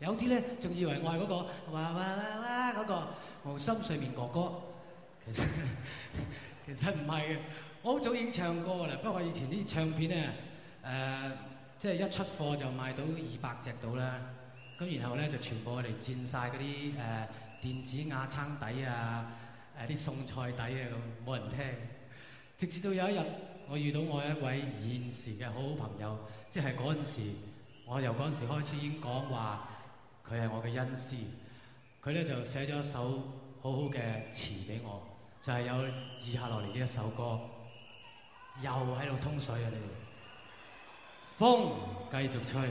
有啲咧仲以為我係嗰個哇哇哇哇嗰個無心睡眠哥哥，其實其實唔係嘅。我好早已經唱歌啦，不過以前啲唱片咧即係一出貨就賣到二百隻到啦。咁然後咧就全部嚟佔晒嗰啲誒電子瓦撐底啊，啲、呃、餸菜底啊，咁冇人聽。直至到有一日，我遇到我一位現時嘅好，好朋友，即係嗰陣時，我由嗰陣時開始已經講話。佢係我嘅恩師，佢咧就寫咗一首好好嘅詞俾我，就係有以下落嚟嘅一首歌，又喺度通水啊！你，風繼續吹。